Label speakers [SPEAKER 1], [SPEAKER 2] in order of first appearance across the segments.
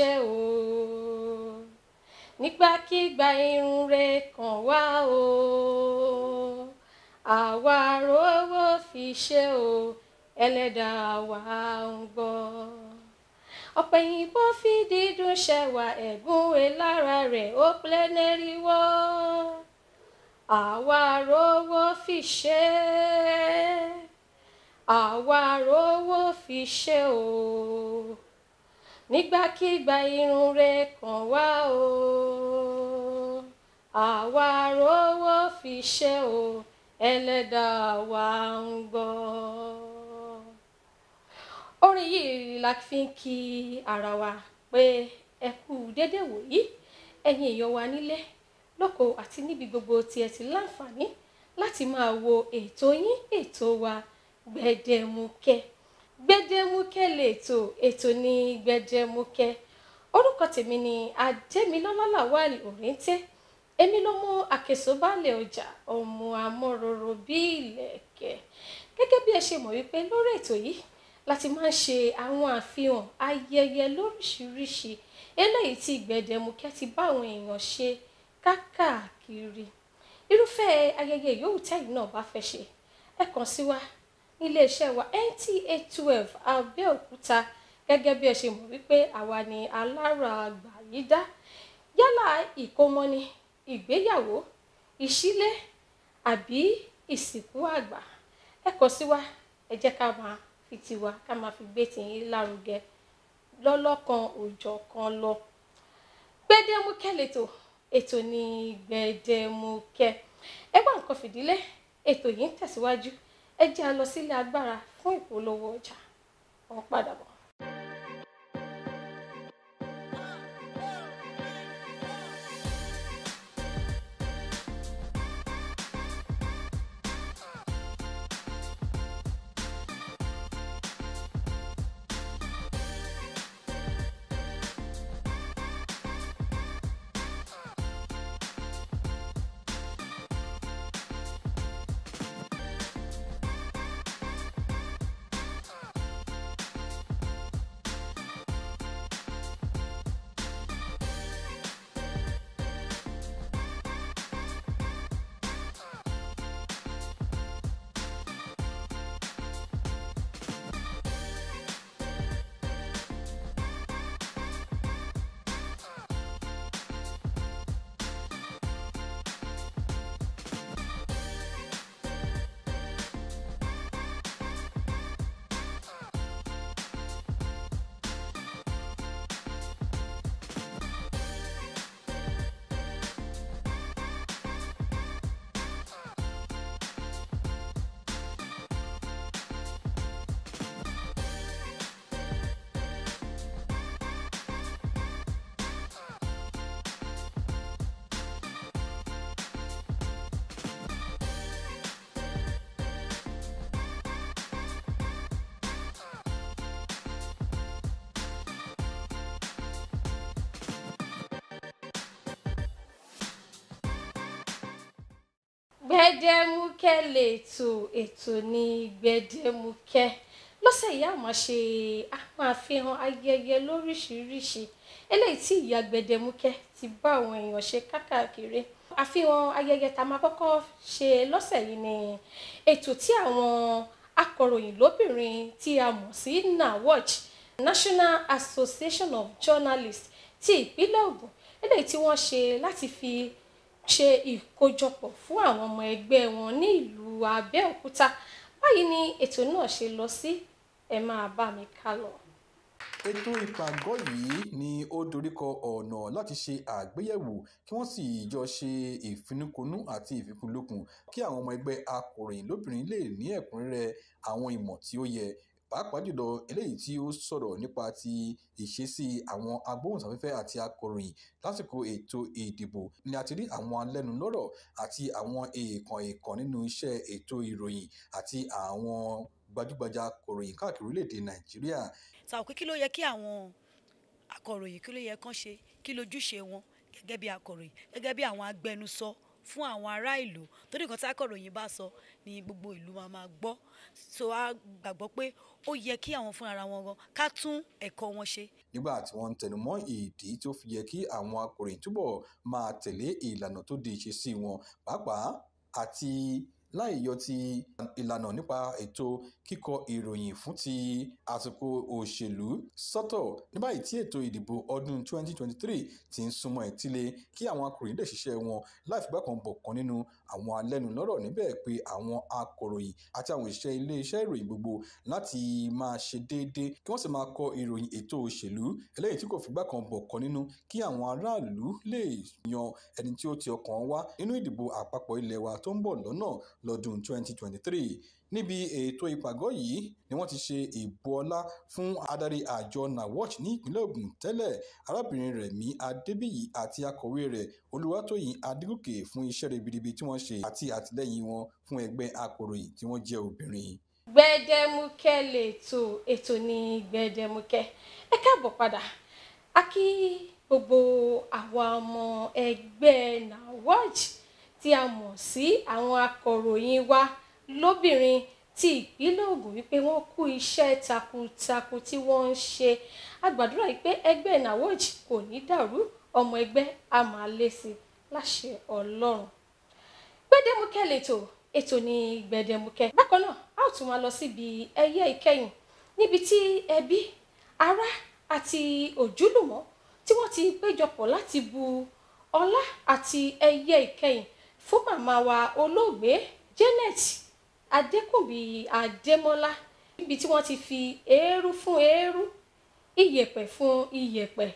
[SPEAKER 1] ṣe o nígbàkígbà irun rẹ kàn wá o àwa rówó fi ṣe o ẹlẹ́dàá wa ń gbọ́ ọ̀pẹ̀ yìnbó fi dídùn ṣẹ̀wà ẹ̀gún elára rẹ̀ ó plenary wọ́ àwa rówó fi ṣe àwa rówó fi ṣe o nígbàkígbà irun rẹ̀ kàn wá o àwa rówó fi ṣe o ẹlẹ́dàá wa ń gbọ́. orin yìí la fi ń kí ara wa pé ẹ kú déédéé wòyí ẹ̀yin èèyàn wa nílé lóko àti níbi gbogbo tí ẹ ti láǹfààní láti máa wo ètò yín ètò wa Gbẹdẹmukẹ gbẹdẹmúkẹ lètò ètò ní gbẹdẹmúkẹ orúkọ tèmi ni adémilọ́lá lawal òrèǹtẹ èmi ló mú àkẹsọbálẹ ọjà ọmọ amọrọrọ bí ìlẹ̀kẹ̀ gẹ́gẹ́ bí ẹ ṣe mọ̀ wípé lórí ètò yìí láti máa ń ṣe àwọn àfihàn ayẹyẹ lóríṣiríṣi eléyìí tí gbẹdẹmúkẹ ti bá àwọn èèyàn ṣe káàkiri irúfẹ́ ayẹyẹ yòówù tẹ̀yin náà bá fẹ́ ṣe ẹ kàn sí wa iléeṣẹ́ wa NTA twelve Abẹ́òkúta gẹ́gẹ́ bí ẹ ṣe mọ̀ wípé àwa ni alára àgbà yìí dá yálà ìkómọ ni ìgbéyàwó ìṣílé àbí ìsìnkú àgbà ẹ kọ sí wa ẹ jẹ́ ká máa fi tiwa ká máa fi gbé tìyín lárugẹ lọ́lọ́kan òjọ̀ kan lọ. gbẹdẹmukẹ ètò ní gbẹdẹmukẹ ẹgbọn nǹkan fìdílé ètò yìí ń tẹ̀síwájú ẹ jẹ́ a lọ sílé agbára fún ìpolówó ọjà ọ̀ padà bọ̀. gbẹdẹmukẹ lètò ètò ní gbẹdẹmukẹ lọ́sẹ̀ yìí a máa ṣe a máa fi hàn ayẹyẹ lóríṣiríṣi eléyìí tí ìyá gbẹdẹmukẹ ti bá àwọn èèyàn ṣe kákàkiri àfihàn ayẹyẹ tá a máa kọ́kọ́ ṣe lọ́sẹ̀ yìí ni ètò tí àwọn akọ̀ròyìn lóbìnrin tí a mọ̀ sí nawatch National Association of Journalists ti ìpínlẹ̀ Ògùn eléyìí tí wọ́n ṣe láti fi ṣe ìkójọpọ̀ fún àwọn ọmọ ẹgbẹ́ wọn ní ìlú Abẹ́òkúta báyìí ni ètò náà ṣe lọ sí ẹ máa bá mi ká lọ.
[SPEAKER 2] ètò ìpàgọ́ yìí ni ó doríkọ ọ̀nà láti ṣe àgbéyẹ̀wò kí wọ́n sì jọ ṣe ìfinúkonú àti ìfikùnlukùn kí àwọn ọmọ ẹgbẹ́ akọ̀ròyìn lóbìnrin lè ní ẹ̀kúnrẹ́rẹ́ àwọn ìmọ̀ tí ó yẹ pàápàá jùlọ eléyìí tí ó sọ̀rọ̀ nípa ti ìṣesí àwọn agbóhùnsáfẹ́fẹ́ àti akọ̀ròyìn lásìkò ètò ìdìbò ni a ti rí àwọn alẹ́nulọ́rọ̀ àti àwọn èèkàn èèkàn nínú iṣẹ́ ètò ìròyìn àti àwọn gbajúgbajà akọ̀ròyìn káàkiri orílẹ̀-èdè nàìjíríà.
[SPEAKER 1] sàwọn pé kí ló yẹ kí àwọn akọ̀ròyìn kí ló yẹ kán ṣe kí lójúṣe wọn gẹ́gẹ́ bí akọ̀ròyìn gẹ́gẹ́ bí àwọn agbẹnusọ fún àwọn ará ìlú torí nǹkan tí akọ̀ròyìn bá sọ ni gbogbo ìlú máa máa gbọ́ so a gbàgbọ́ pé ó yẹ kí àwọn fúnra wọn gan ká tún ẹ̀kọ́ wọn ṣe.
[SPEAKER 2] nígbà tí wọ́n ń tẹnumọ́ ìdí tó fi yẹ kí àwọn akọ̀ròyìn túbọ̀ máa tẹ̀lé ìlànà tó di ìṣesí wọn pàápàá àti láì yọ ti ìlànà nípa ètò kíkọ ìròyìn fún ti àsìkò òṣèlú sọ́tọ̀ ní báyìí tí ètò ìdìbò ọdún 2023 ti ń súnmọ́ etílé kí àwọn akọ̀ròyìn lè wọn láì figbá kan nínú àwọn alẹ́nulọ́rọ̀ níbẹ̀ pé àwọn akọ̀ròyìn àti àwọn òṣìṣẹ́ ilé-iṣẹ́ ìròyìn gbogbo láti máa ṣe déédéé kí wọ́n sì máa kọ ìròyìn ètò òṣèlú eléyìí tí kò fìgbà kan bọ̀ kọ́ nínú kí àwọn aráàlú lè yan ẹni tí ó ti ọkàn wá nínú ìdìbò àpapọ̀ ilẹ̀ wa tó ń bọ̀ lọ́nà lọ́dún 2023 níbi ètò ìpàgọ́ yìí ni wọ́n ti ṣe ìbò ọlá fún adarí àjọ nawatch ní ìpínlẹ̀ Ògùn tẹ́lẹ̀ arábìnrin Rẹ̀mí Adébíyì àti akọ̀wé rẹ̀ Olúwatóyìn Adégòkè fún iṣẹ́ ribiribi tí wọ́n ṣe àti àtìlẹ́yìn wọn fún ẹgbẹ́ akọ̀ròyìn tí wọ́n jẹ́ obìnrin.
[SPEAKER 1] Gbẹdẹmukẹ lètò ètò ní Gbẹdẹmukẹ ẹ káàbọ̀ padà a kí gbogbo àwa ọmọ ẹgbẹ́ nawatch tí a mọ̀ sí àwọn akọ̀ròyìn wa lóbìnrin ti ìpínlẹ̀ Ògùn wípé wọ́n kú iṣẹ́ takuntakun tí wọ́n ń ṣe a gbàdúrà wípé ẹgbẹ́ NAWOJ kò ní dàrú ọmọ ẹgbẹ́ a máa lé sí láṣẹ Ọlọ́run Gbẹdẹmukẹ lètò ètò ní Gbẹdẹmukẹ bákan náà a ó tún máa lọ síbi ẹyẹ ìkẹyìn níbi tí ẹbí ará àti òjúlùmọ̀ tí wọ́n ti péjọpọ̀ láti bu ọlá àti ẹyẹ ìkẹyìn fún màmá wa olóògbé Janet adékùnbí adémọ́lá níbi tí wọ́n ti fi eérú fún eérú iyẹ̀pẹ̀ fún iyẹ̀pẹ̀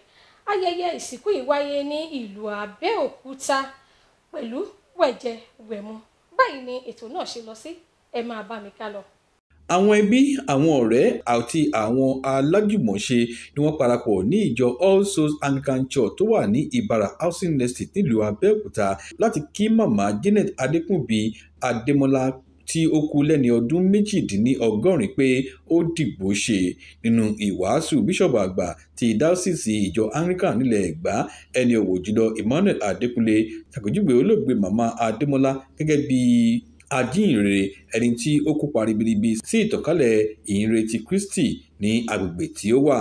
[SPEAKER 1] ayẹyẹ ìsìnkú yìí wáyé ní ìlú abẹ́òkúta pẹ̀lú wẹ̀jẹ-wẹ̀mu báyìí ni ètò náà ṣe lọ sí ẹ máa bá mi ká lọ
[SPEAKER 2] àwọn ẹbí àwọn ọ̀rẹ́ àti àwọn alájùmọ̀ṣe ni wọ́n parapọ̀ ní ìjọ all souls anglican church tó wà ní ìbára housing estate nílùú abẹ́òkúta láti kí màmá janet adékùnbí adémọ́lá tí ó kú lẹ́ni ọdún méjìdínlọ́gọ́rin pé ó dìgbò ṣe nínú ìwàásù bíṣọ̀bù àgbà ti dáọ́sìsì ìjọ anglican nílẹ̀ ẹ̀gbá ẹni ọ̀wọ̀ jùlọ emmanuel adékúnlé ṣàpèjúwe olóògbé mama adémọ́lá gẹ́gẹ́ bí ajínrere ẹni tí ó kópa ribiribi sí ìtànkálẹ̀ ìhìnrere ti kristi ní agbègbè tí ó wà.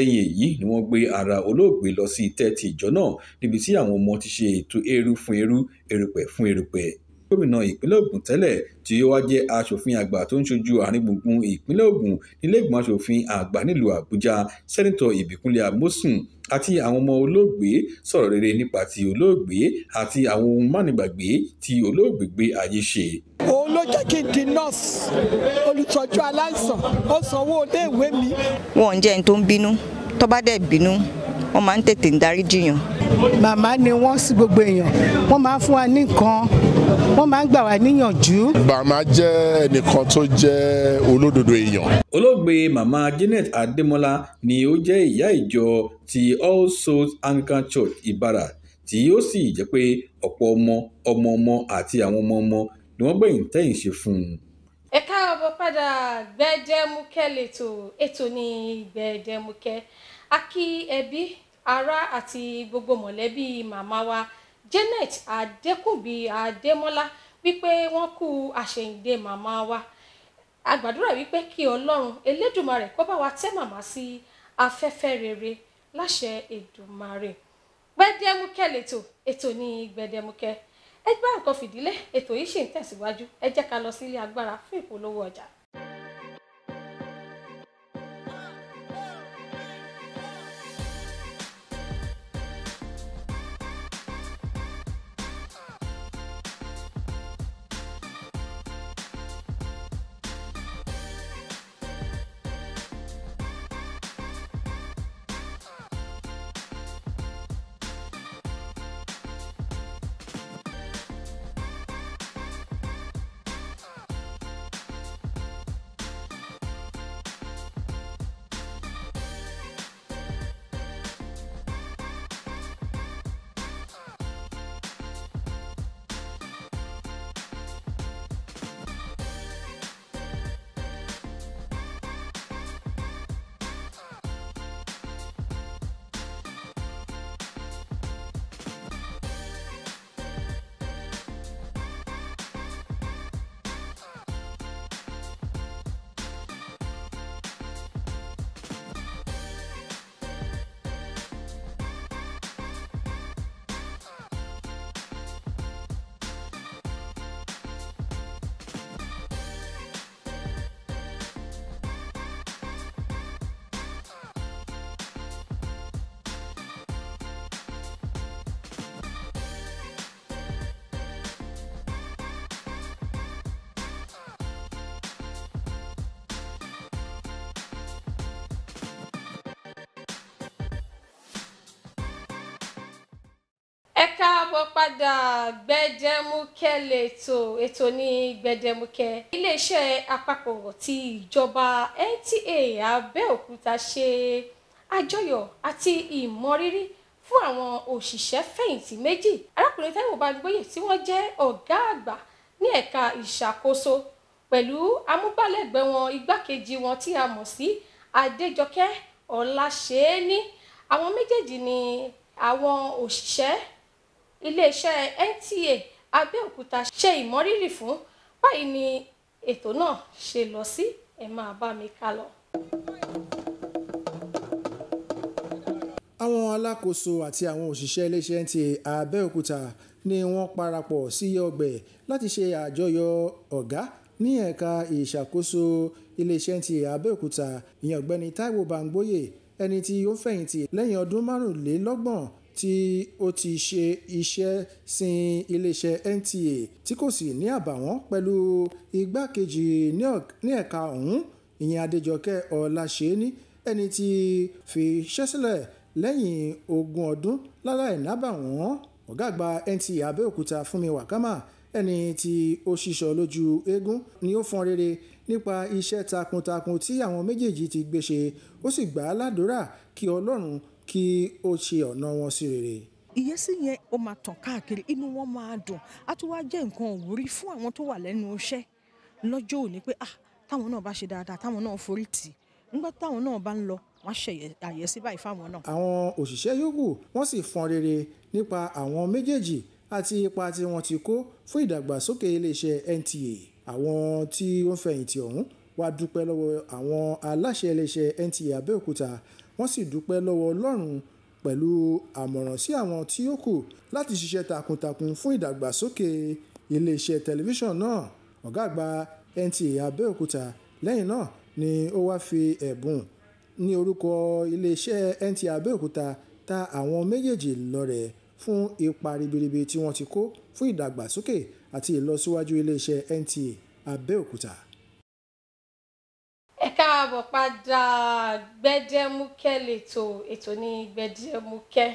[SPEAKER 2] lẹ́yìn èyí ni wọ́n gbé ara olóògbé lọ sí ìtẹ́ ti ìjọ náà níbi tí àwọn ọmọ ti ṣe ètò eérú fún eérú erùpẹ̀ fún erùpẹ̀ gómìnà ìpínlẹ̀ Ògùn tẹ́lẹ̀ tí ó wá jẹ́ aṣòfin àgbà tó ń ṣojú àárín gbùngbùn ìpínlẹ̀ Ògùn nílé ìgbìmọ̀ aṣòfin àgbà nílùú Àbújá sẹ́nitọ̀ Ìbíkúnlẹ̀ Amósùn àti àwọn ọmọ olóògbé sọ̀rọ̀ rere nípa ti olóògbé àti àwọn ohun mánigbàgbé tí olóògbé gbé ayé ṣe. òun ló jẹ́ kí n di nọ́ọ̀sì olùtọ́jú aláìsàn ó sanwó iléèwé
[SPEAKER 1] mi. wọn ò ń jẹ́ ẹni tó ń bínú tó bá dẹ̀ bínú wọ́n máa ń tètè ń darí jiyàn. màmá ni wọ́n sí gbogbo èèyàn wọ́n máa ń fún wa ní nǹkan wọ́n máa ń gbà wá
[SPEAKER 3] níyànjú. bàmá jẹ́ ẹnìkan tó jẹ́ olódodo èèyàn.
[SPEAKER 2] olóògbé màmá Janet Adémọ́lá ni ó jẹ́ ìyá ìjọ ti All Souls Anglican Church Ìbàrà tí ó sì jẹ́ pé ọ̀pọ̀ ọmọ ọmọ ọmọ àti àwọn ọmọ ọmọ ni wọ́n gbẹ̀yìn tẹ̀yìn ṣe fún un.
[SPEAKER 1] ẹ káàbọ̀ padà Gbẹdẹmukẹ lètò ètò ní Gbẹdẹmukẹ a ẹbí ará àti gbogbo mọ̀lẹ́bí màmá wa Janet Adékùnbí Adémọ́lá wípé wọ́n kú àṣeyìndé màmá wa a gbàdúrà wípé kí Ọlọ́run Elédùmarè kó bá wa tẹ́ màmá sí afẹ́fẹ́ rere láṣẹ Èdùmarè gbẹdẹmukẹ lẹtọ ètò ní gbẹdẹmukẹ ẹgbẹ́ àǹkan fìdílé ètò yìí ṣì ń tẹ̀síwájú ẹ jẹ́ ká lọ sílé agbára fún ìpolówó ọjà. ẹ káàbọ̀ padà gbẹdẹmukẹ lẹ́tò ètò ní gbẹdẹmukẹ iléeṣẹ́ àpapọ̀ ti ìjọba NTA Abẹ́òkúta ṣe àjọyọ̀ àti ìmọrírì fún àwọn òṣìṣẹ́ fẹ̀yìntì méjì arákùnrin Táíwò Bámigbóyè tí wọ́n jẹ́ ọ̀gá àgbà ní ẹ̀ka ìṣàkóso pẹ̀lú amúgbálẹ́gbẹ̀ẹ́ wọn igbákejì wọn tí a mọ̀ sí Adéjọkẹ́ Ọláṣẹ́ẹ́ní àwọn méjèèjì ni àwọn òṣìṣẹ́ iléeṣẹ́ NTA Abẹ́òkúta ṣe ìmọrírì fún báyìí ni ètò náà ṣe lọ sí ẹ máa bá mi ká lọ.
[SPEAKER 3] àwọn alákòóso àti àwọn òṣìṣẹ́ iléeṣẹ́ NTA Abẹ́òkúta ni wọ́n parapọ̀ sí ọgbẹ̀ láti ṣe àjọyọ̀ ọ̀gá ní ẹ̀ka ìṣàkóso iléeṣẹ́ NTA Abẹ́òkúta ìyẹn ọ̀gbẹ́ni Táíwò Bámgbóyè ẹni tí ó fẹ̀yìntì lẹ́yìn ọdún márùnlélọ́gbọ̀n tí ó ti ṣe iṣẹ́ sin iléeṣẹ́ NTA tí kò sì ní àbàwọ́n pẹ̀lú igbákejì ní ẹ̀ka ọ̀hún ìyẹn Adéjọkẹ́ Ọláṣẹ́ni ẹni tí fi ṣẹ́sílẹ̀ lẹ́yìn ogún ọdún láláì nábàwọ́n ọ̀gá àgbà NTA Abẹ́òkúta Fúnmi Wàkámà ẹni tí ó ṣiṣọ lójú eégún ni ó fọn rere nípa iṣẹ́ takuntakun tí àwọn méjèèjì ti gbé ṣe ó sì gbà á ládùúrà kí Ọlọ́run kí ó ṣe ọ̀nà wọn sí rere
[SPEAKER 1] ìyẹ́sí yẹn ó máa tàn káàkiri inú wọn máa dùn á tún wáá jẹ́ nǹkan òwúrí fún àwọn tó wà lẹ́nu iṣẹ́ lọ́jọ́ òní pé ah táwọn náà bá ṣe dáadáa táwọn náà forí tì nígbà táwọn náà bá ń lọ wọ́n ṣe àyẹ́sí báyìí fáwọn náà.
[SPEAKER 3] àwọn òṣìṣẹ́ yòókù wọ́n sì fọn rere nípa àwọn méjèèjì àti ipa tí wọ́n ti kó fún ìdàgbàsókè iléeṣẹ́ NTA àwọn tí wọ́n fẹ̀yìntì ọ̀hún wá dúpẹ́ lọ́wọ́ àwọn aláṣẹ iléeṣẹ́ NTA Abẹ́òkúta wọ́n sì dúpẹ́ lọ́wọ́ Ọlọ́run pẹ̀lú àmọ̀ràn sí àwọn tí ó kù láti ṣiṣẹ́ takuntakun fún ìdàgbàsókè iléeṣẹ́ tẹlifíṣàn náà ọ̀gá àgbà NTA Abẹ́òkúta lẹ́yìn náà ni ó wáá fi ẹ̀bùn ní orúkọ iléeṣẹ́ NTA Abẹ́òkúta ta àwọn méjèèjì lọ́rẹ fún ipa ribiribi tí wọ́n ti kó fún ìdàgbàsókè àti ìlọsíwájú iléeṣẹ́ NTA Abẹ́òkúta
[SPEAKER 1] káàbọ̀ padà Gbẹdẹmukẹ lẹ́tọ̀ ètò ní Gbẹdẹmukẹ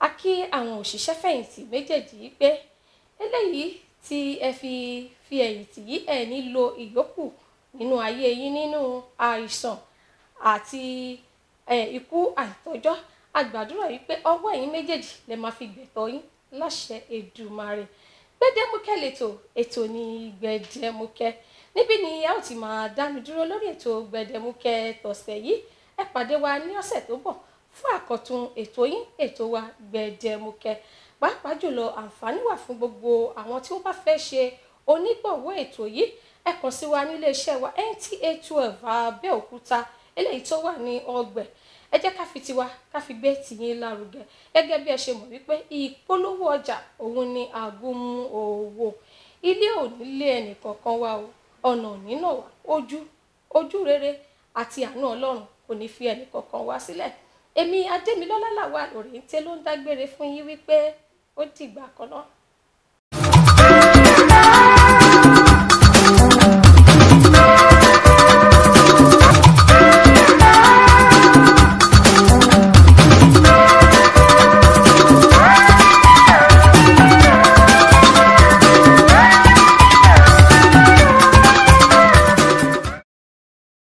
[SPEAKER 1] a kí àwọn òṣìṣẹ́ fẹ̀yìntì méjèèjì yìí pé eléyìí tí ẹ fi fi ẹ̀yìntì yìí ẹ̀ nílò ìyókù nínú ayé yín nínú àìsàn àti ikú àìtọ́jọ́ a gbàdúrà yìí pé ọwọ́ ẹ̀yin méjèèjì lè máa fi gbẹ̀tọ́ yín láṣẹ Èdùmàrè Gbẹdẹmukẹ lẹ́tọ̀ ètò ní Gbẹdẹmukẹ níbí ni ẹ ó ti máa dá mi dúró lórí ètò gbẹdẹmukẹ tọ̀sẹ̀ yìí ẹ pàdé wa ní ọ̀sẹ̀ tó bọ̀ fún àkọ́tún ètò yín ètò wa gbẹdẹmukẹ pàápàá jùlọ àǹfààní wà fún gbogbo àwọn tí wọ́n bá fẹ́ ṣe onígbọ̀wọ́ ètò yìí ẹ kàn sí wa nílé wa NTA twelve Abẹ́òkúta eléyìí tó wà ní ọgbẹ̀ ẹ jẹ́ ká fi tiwa ká fi gbé tìyín lárugẹ gẹ́gẹ́ bí ẹ ṣe mọ̀ wípé ìpolówó ọjà òun ni àgùnmu òwò ilé ò nílé ẹnì kọ̀ọ̀kan wa o ọ̀nà òní náà wá ojú ojú rere àti àánú ọlọ́run kò ní fi ẹnì kankan wá sílẹ̀ èmi adémilọ́lá làwà lórí ń tẹ́ ló ń dágbére fún yín wípé ó dìgbà kan náà